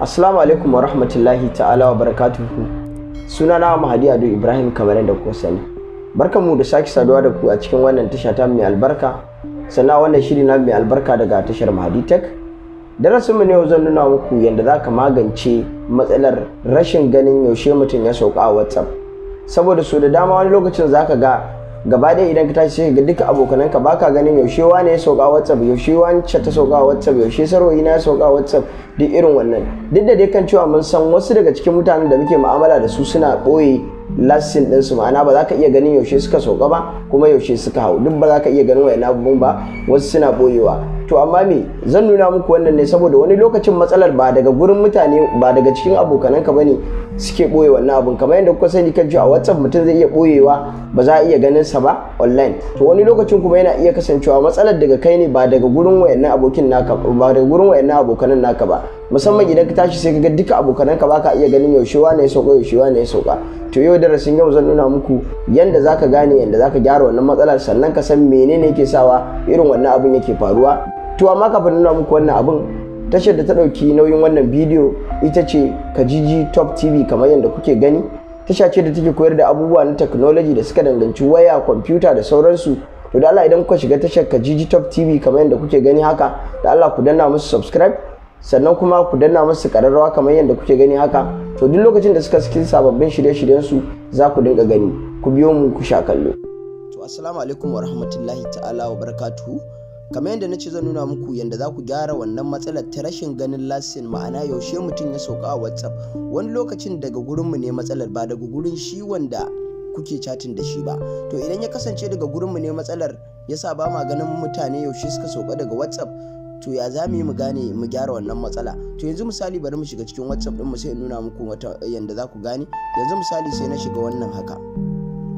Assalamu alaikum wa rahmatullahi ta'ala wa barakatuhu. Sunana Mahadi Ado Ibrahim kamar da ku sani. Barkanmu da sake saduwa da ku a cikin wannan tasha ta mai albarka. Sannan wannan shiri na mai albarka daga tashar Mahadi Tech. Darasin mu ne yau zan nuna muku yadda za ka magance matsalar rashin ganin yaushe mutum ya sauka a WhatsApp. Saboda so da dama wani lokacin za ka ga gaba ɗaya idan ka tashi shiga duka abokananka ba ka ganin yaushe wane ya sauka whatsapp yaushe wance ta sauka whatsapp yaushe sarwayi na ya sauka whatsapp duk irin wannan duk da dai kan cewa mun san wasu daga cikin mutanen da muke mu'amala da su suna ɓoye din su ma'ana ba za ka iya ganin yaushe suka sauka ba kuma yaushe suka hau duk ba za ka iya ganin wa'in abubuwan ba wasu suna ɓoyewa to amma me zan nuna muku wannan ne saboda wani lokacin matsalar ba daga gurin mutane ba daga cikin abokananka bane suke boye wannan abun kamar yadda kuka sani kan a WhatsApp mutum zai iya boyewa ba za a iya ganin sa ba online to wani lokacin kuma yana iya kasancewa matsalar daga kai ne ba daga gurin wayannan abokin naka ba daga gurin wayannan abokanan naka ba musamman idan ka tashi sai ka ga duka abokanan ka baka iya ganin yaushe wane ya sauka yaushe wane ya sauka to yau darasin yau zan nuna muku yanda zaka gane yanda zaka gyara wannan matsalar sannan ka san menene yake sawa irin wannan abun yake faruwa to amma kafin nuna muku wannan abin tashar da ta ɗauki nauyin wannan bidiyo ita ce kajiji top tv kamar yadda kuke gani tasha ce da take koyar da abubuwa na technology da suka danganci waya kwamfuta da sauransu to da Allah idan kuka shiga tashar kajiji top tv kamar yadda kuke gani haka da Allah ku danna musu subscribe sannan kuma ku danna musu kararrawa kamar yadda kuke gani haka to duk lokacin da suka cikin sababbin shirye-shiryen su za ku dinga gani ku biyo mu ku sha kallo to assalamu alaikum wa rahmatullahi ta'ala wa barakatuhu kamar yadda na ce zan nuna muku yadda za ku gyara wannan matsalar ta rashin ganin lasin ma'ana yaushe mutum ya sauka a whatsapp wani lokacin daga gurinmu ne matsalar ba daga gurin shi wanda kuke chatin da shi ba to idan ya kasance daga gurinmu ne matsalar yasa ba ma ganin mutane yaushe suka sauka daga whatsapp to ya za mu yi mu gane mu gyara wannan matsala to yanzu misali bari mu shiga cikin whatsapp din mu sai nuna muku wata yanda za ku gane yanzu misali sai na shiga wannan haka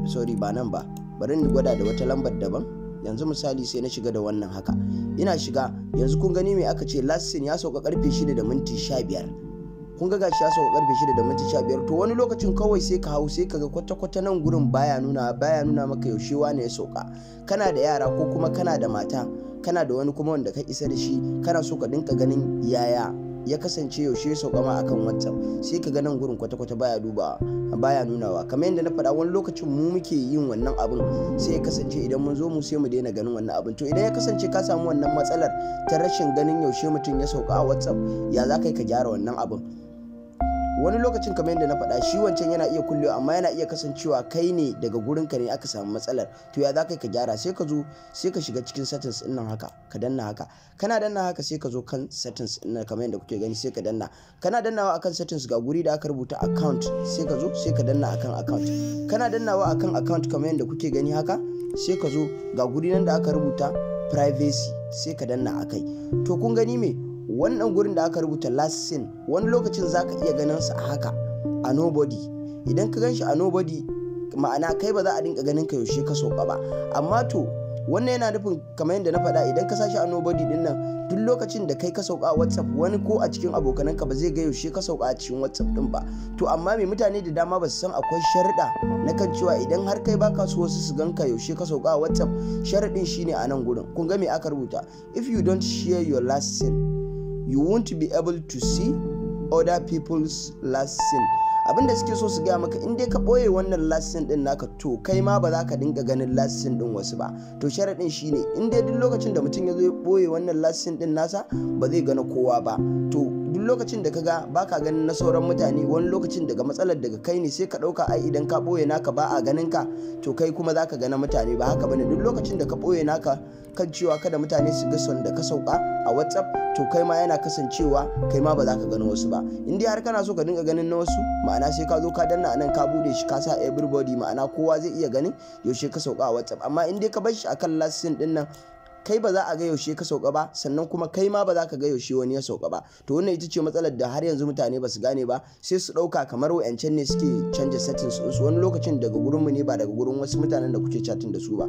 sorry ba nan ba bari ni gwada da wata lambar daban yanzu misali sai na shiga da wannan haka ina shiga yanzu kun gani me aka ce lassin ya sauka karfe 6 da minti 15 kun ga gashi ya sauka karfe 6 da minti 15 to wani lokacin kawai sai ka hau sai kaga kwata kwata nan gurin baya nuna baya nuna maka yaushe ne ya sauka kana da yara ko kuma kana da mata kana da wani kuma wanda ka isa da shi kana so ka dinka ganin yaya ya kasance yaushe ya saukama akan whatsapp sai ka ganin gurin kwata-kwata baya dubawa baya nunawa kamar yadda na faɗa wani lokacin mu muke yin wannan abin sai ya kasance idan mun zo mu sai mu daina ganin wannan abin to idan ya kasance ka samu wannan matsalar ta rashin ganin yaushe mutum ya sauka a whatsapp ya za ka ka gyara wannan abin wani lokacin kamar yadda na faɗa shi wancan yana iya kullewa amma yana iya kasancewa kai ne daga gurin ka ne aka samu matsalar to ya za ka ka gyara sai ka zo sai ka shiga cikin settings din nan haka ka danna haka kana danna haka sai ka zo kan settings din nan kamar yadda kuke gani sai ka danna kana dannawa akan settings ga guri da aka rubuta account sai ka zo sai ka danna akan account kana dannawa akan account kamar yadda kuke gani haka sai ka zo ga guri nan da aka rubuta privacy sai ka danna akai to kun gani me wannan gurin da aka rubuta last scene wani lokacin za ka iya ganin sa a haka a nobody idan ka gan shi a nobody ma'ana kai ba za a dinka ganin ka yaushe ka soka ba amma to wannan yana nufin kamar yadda na faɗa idan ka sashi a nobody din nan duk lokacin da kai ka sauka a whatsapp wani ko a cikin abokananka ba zai ga yaushe ka sauka a cikin whatsapp din ba to amma mai mutane da dama ba su san akwai sharda na kan cewa idan har kai baka so wasu su ganka yaushe ka sauka a whatsapp sharadin shine a nan gurin kun ga me aka rubuta if you don't share your last scene you won't be able to see other people's last sin abin da suke so su gaya maka in dai ka ɓoye wannan last lasin din naka to kai ma ba za ka dinga ganin last lasin din wasu ba to sharaɗin shine in dai duk lokacin da mutum ya zo ya ɓoye wannan lasin din nasa ba zai gana kowa ba to lokacin da ka ga baka ganin na sauran mutane wani lokacin daga matsalar daga kai ne sai ka ɗauka ai idan ka ɓoye naka ba a ganin ka to kai kuma za ka gana mutane ba haka bane duk lokacin da ka ɓoye naka kan cewa kada mutane su ga son da ka sauka a whatsapp to kai ma yana kasancewa kai ma ba za ka gani wasu ba in dai har kana so ka dinga ganin na wasu ma'ana sai ka zo ka danna anan ka bude shi ka sa everybody ma'ana kowa zai iya ganin yaushe ka sauka a whatsapp amma in dai ka bar shi akan lasin din nan kai ba za a ga yaushe ka sauka ba sannan kuma kai ma ba za ka ga yaushe wani ya sauka ba to wannan ita ce matsalar da har yanzu mutane ba su gane ba sai su ɗauka kamar wayancan ne suke canja settings su wani lokacin daga gurinmu ne ba daga gurin wasu mutanen da kuke chatting da su ba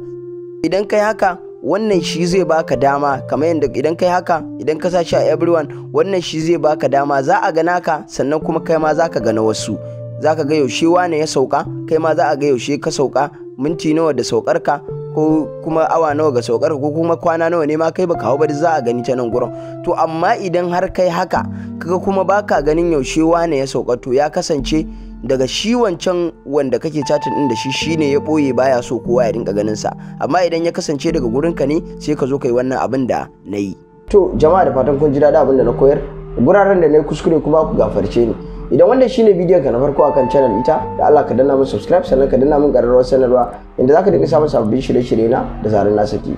idan kai haka wannan shi zai baka dama kamar yadda idan kai haka idan ka sashi a everyone wannan shi zai baka dama za a gana ka sannan kuma kai ma za ka gana wasu za ka ga yaushe wane ya sauka kai ma za a ga yaushe ka sauka minti nawa da saukar ka ko kuma awa nawa ga saukar ko kuma kwana nawa ne ma kai baka hau ba za a gani ta nan gurin to amma idan har kai haka kaga kuma baka ganin yaushe wane ya sauka to ya kasance daga shi wancan wanda kake chatin din da shi shine ya boye baya so kowa ya rinka ganin sa amma idan ya kasance daga gurin ka ne sai ka zo kai wannan abin da nayi to jama'a da fatan kun ji dadi abin da na koyar guraren da na yi kuskure kuma ku gafarce ni idan wannan shine bidiyon ka na farko akan channel ita da Allah ka danna min subscribe sannan ka danna min karar sanarwa inda zaka dinga samun sabbin shirye-shirye na da zarar na saki